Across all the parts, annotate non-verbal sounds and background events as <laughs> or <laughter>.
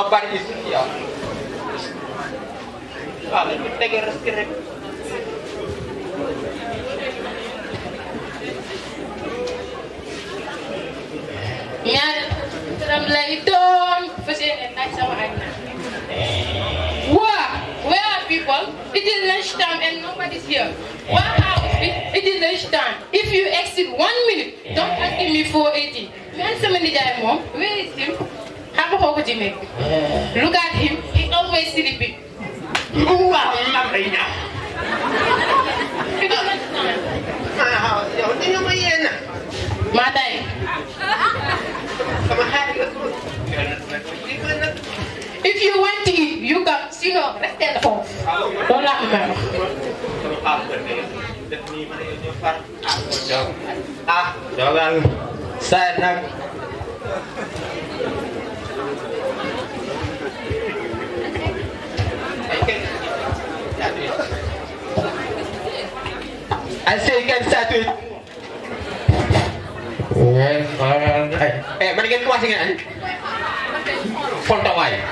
Nobody is here. Take a risk. Where are people? It is lunchtime and nobody's here. What? It is lunchtime. If you exit one minute, don't ask me for 80. When mom, where is him? How nga kooku ci look at him he always sleeping. waaw <laughs> eh? if you want to eat you can sinon restel foofu. loolu laa mën a wax. ah. dogal. saa nak. I say you can start with. Eh, mendingan Foto life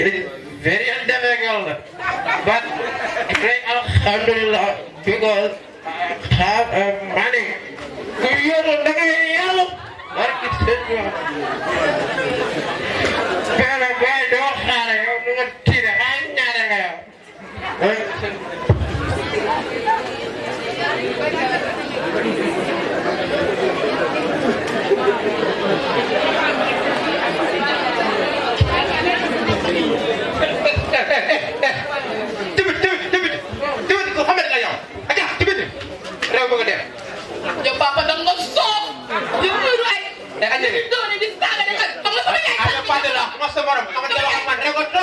is very difficult, but great alhamdulillah because have money. Kuyur dengan yang gue kalau hanya bëgg a def yow papa da nga soof yow loolu ay. da nga jëlee doon di saaga da nga xam sama yaay. ah yow Fatou la ma sa morom xam nga wax man rek ko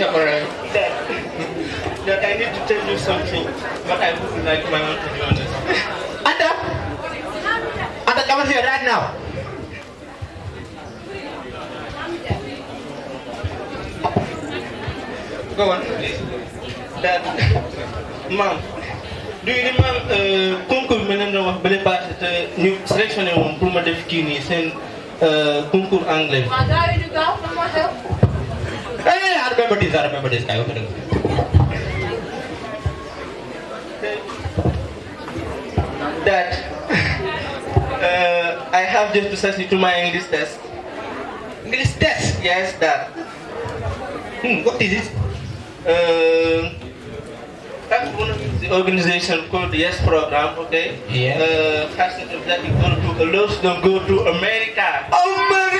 Shabaran, that, that I need to tell you something, but I wouldn't like my own to be honest. Anda! <laughs> Anda, come here right now! Go on, please. That, ma'am, du yi uh, ma concours bi ma wax bële uh, passé te ñu sélectionné woon pour ma def kii nii seen concours uh, anglais. waaw gars yi ñu but he's, I That <laughs> uh, I have just to send you to my English test. English test, yes, that. Hmm, what is it? Uh, um, i one of the organization called the Yes Program, okay? Yeah. Uh, that go people, those don't go to America. America!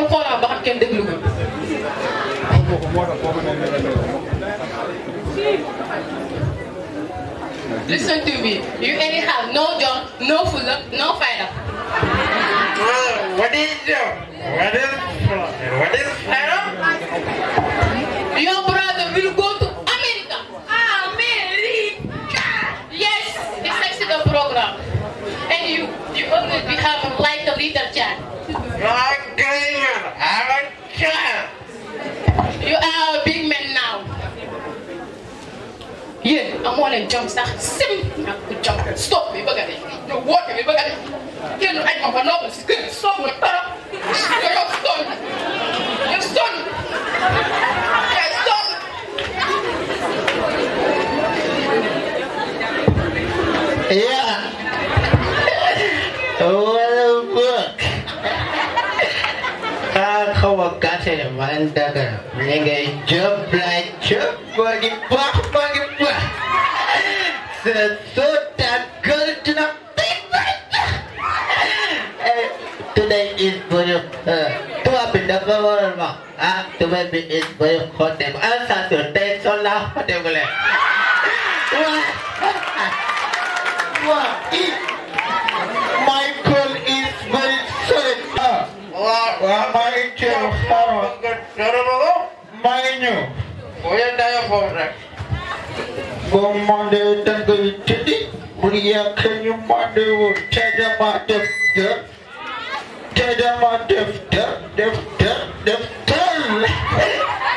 xool xoolaat ba xam déglu ko. Listen to me. You only have no job, no food, no fire. Well, what is job? What is what is fire? Your brother will go to America. America. Yes, it's next the program. And you, you only become like a little child. Like you are a big man now. Yeah, I'm all in jump sax. Sim, jump. Stop me, bugger it. You walk me, bugger it. You know, I'm a novel. Stop me, stop me. You're son. You're son. Mandaga. Nigga, jump like jump, Today is for you. To happy the world, I'm to baby is for you. For them, answer your day, so What? What? ñëw wala daya foofu rek boo mandee dangay tëddi bu yàgg ñu mandee woo teedama def dër teedama def dër def dër def dër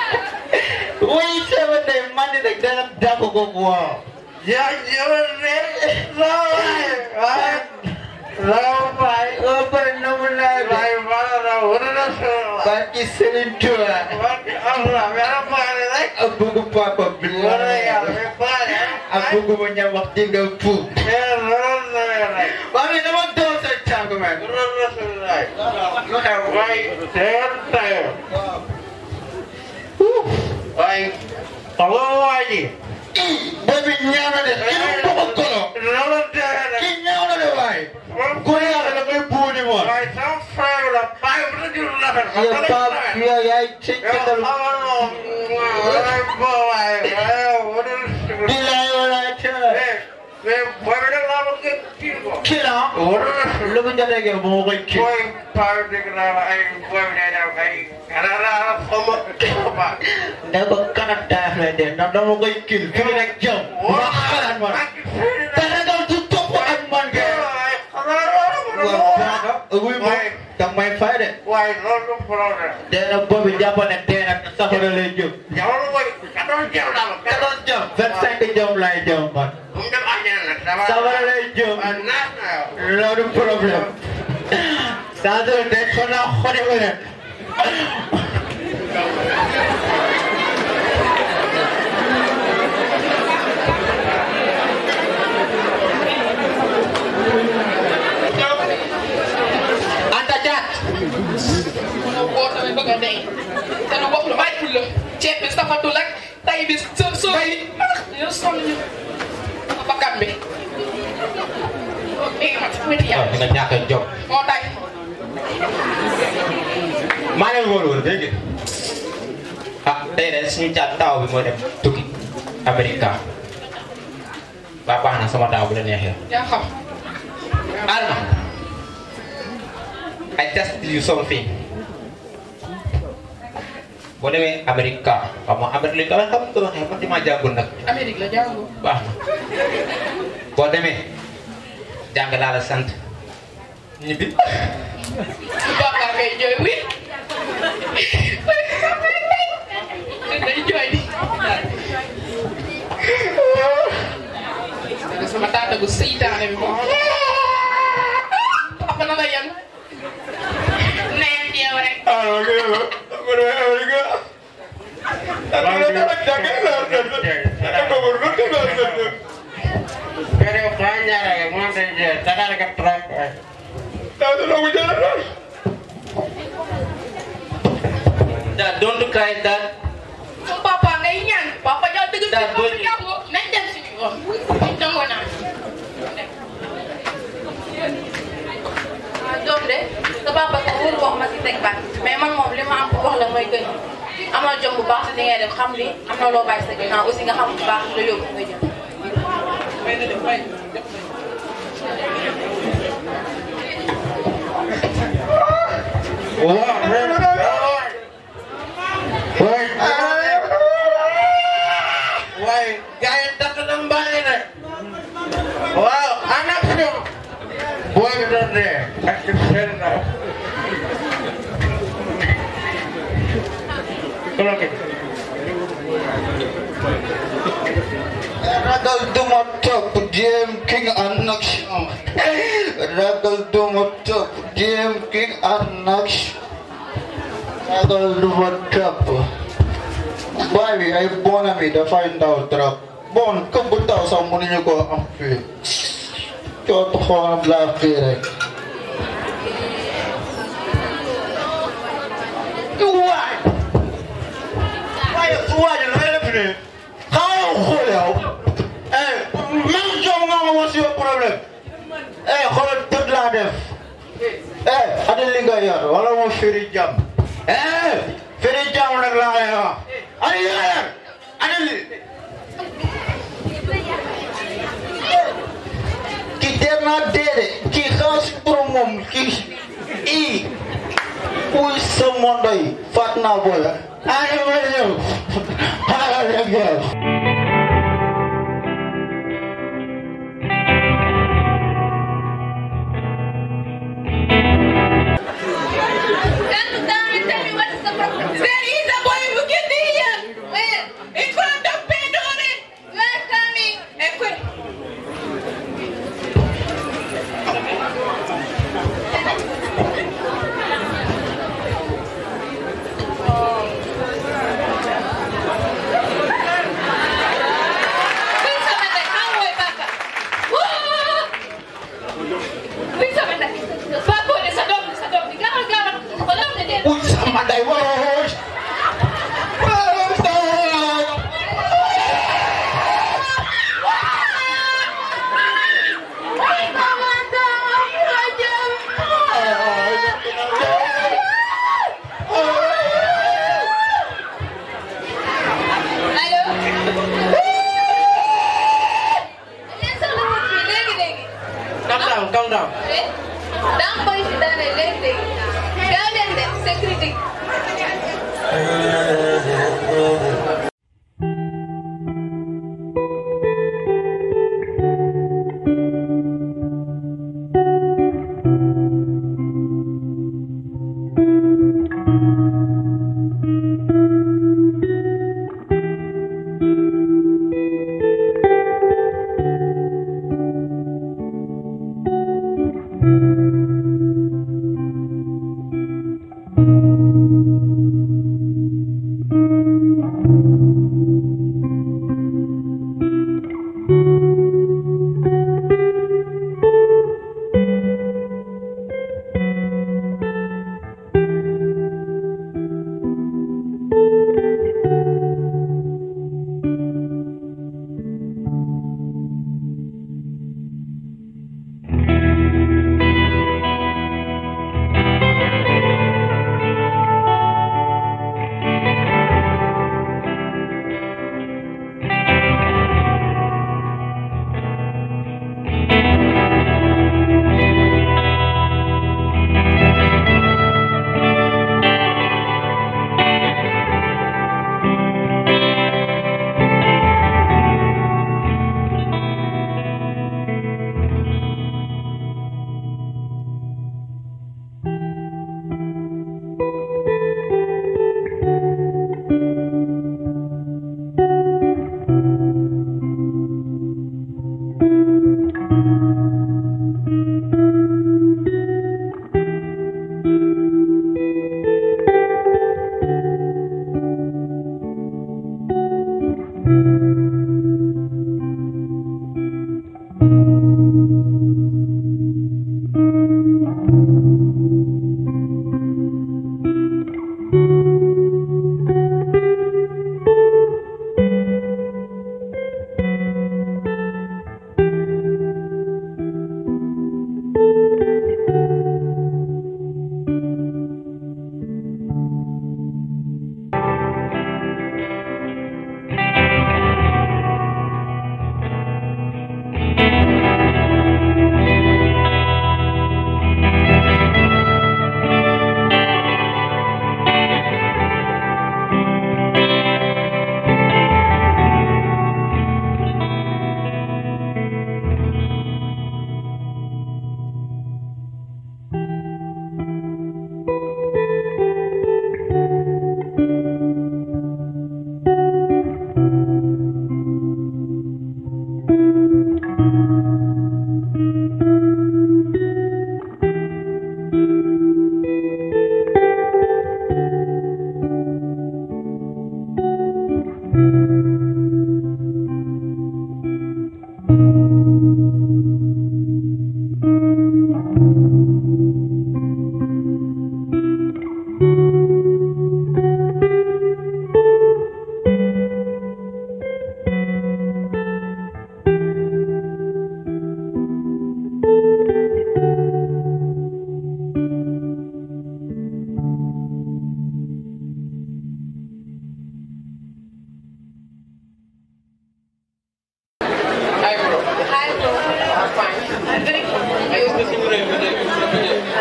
<laughs> way sama day mandi rek dana dàgg ko waaw yaa ñëwal <laughs> rek Labai open numuna bai bara wurna so baki senin tua baki Allah merah pare lek abu ku papa bila ya me pare punya waktu ga pu merah merah mari nama do sa changu me wurna so lai lo ka wai ter ter uh wai Allah wai Babi nyana de, ini. pokok kolo. Lalu dia, kini Koyala na mbuni mwa. Ya bab ya ya chicken dal. Dilay wala cha. Kila. Lugun jale ge mo ko ki. Koy par de na ay koy ne da kay. Ara ra fomo ba. Da ko kanata ne de na do mo ko ki. Ki ne jam. Wa khalan wa. Tara woon saaga wuy ma tam may fay de waaye loolu problème nee na boobu jàpp ne tey nag safara lay jëm jamono mooy quatorze jëm daal quatorze jëm vingt cinq jëm lay jëm man safara lay jëm loolu problème saa de day xanaa xone bi moo dem Amerika ba baax sama tahu bu ya? ya neexee I just tell you something Boleh Amerika kamu Amerika la xam nga waxee di damaa jàngul nak. Amerika la jàngul Boleh jangan boo demee jàng laa la sant ñibbi baax ngay jooy wi ma tata gu seytaane bi moom papa na la yan neen yow rek alors que yow man ma yow rek Kare belanja lagi, mau belanja, tadi ada ketrap. Tahu lo gue jalan. Dad, don't cry, Dad. Papa nggak ingat, Papa jangan tegur. Dad, boy, sa papa sax wóor wax ma si teg baat mais man moom li ma am pour wax la mooy gën am na jom bu baax si li ngay def xam li am na loo bàyyi sa ginnaaw aussi nga xam bu baax la yóbbu nga jëm. waaw. there. I can set it up. Ragal dumatak, GM King anak siyam. up dumatak, GM King anak siyam. Ragal dumatak. Baby, I'm born mi da find out rap. Bon, kabutaw sa muna niyo ko ang feel. Kaya ito ko ang black here. waaja na ngay def ne xaaral xool yow eh, même jox nga ma woon si yow problème eh xoolal tëdd laa def eh adi li nga yor wala moom firi eh, laa lay wax adi li nga yor ki dee naa ki i uy sa faat naa boola ai meu Deus! ai meu Deus! calm down, calm down. Down boy should lady. Girl and security. <laughs>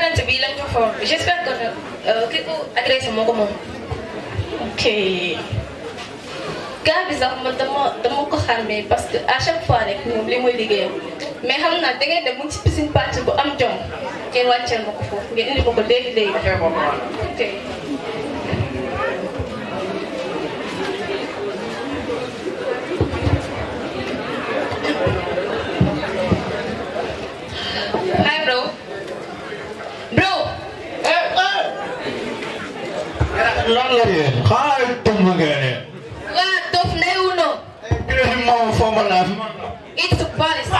challenge bi lañ joxoon j'espère que nag ki ko agressé moo ko moom. ok gars bi sax man dama dama ko xàmmee parce que à chaque fois rek moom li muy liggéeyam mais xam naa da ngeen dem mu ci piscine party bu am jom ngeen wàcceel ma ko foofu ngeen indi ma ko léegi léegi. ok. It's la ngeen xaaral policy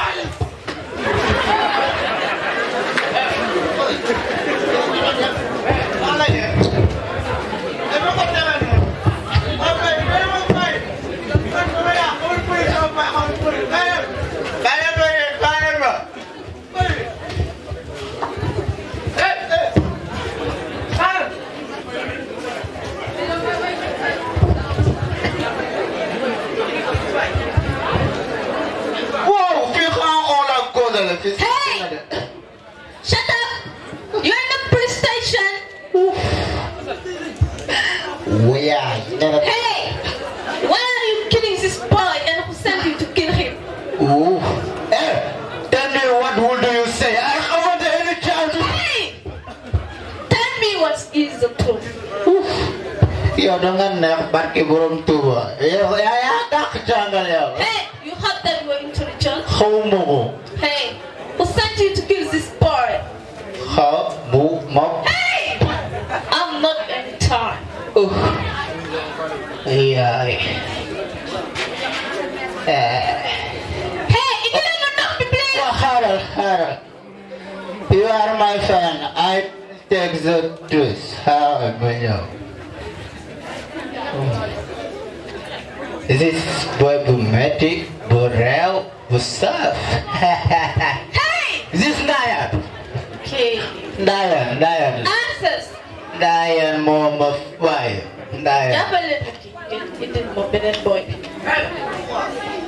Where? You never. Hey! Why are you killing this boy and who sent you to kill him? Ooh. Hey! Eh, tell me what would you say? I haven't any child. Hey! Tell me what is the truth. Yo dengan nak pergi burung tua. Yo, ya ya tak jangan yo. Hey, you heard that you were intelligent. Homo. If You are my fan. I take the truth. Oh. Hallelujah. This <laughs> is problematic, Borel, up? hey! This is Okay. Nayab, Nayab. Answers. Diane, mom of wife. Diane. Double. Okay. It didn't in, in,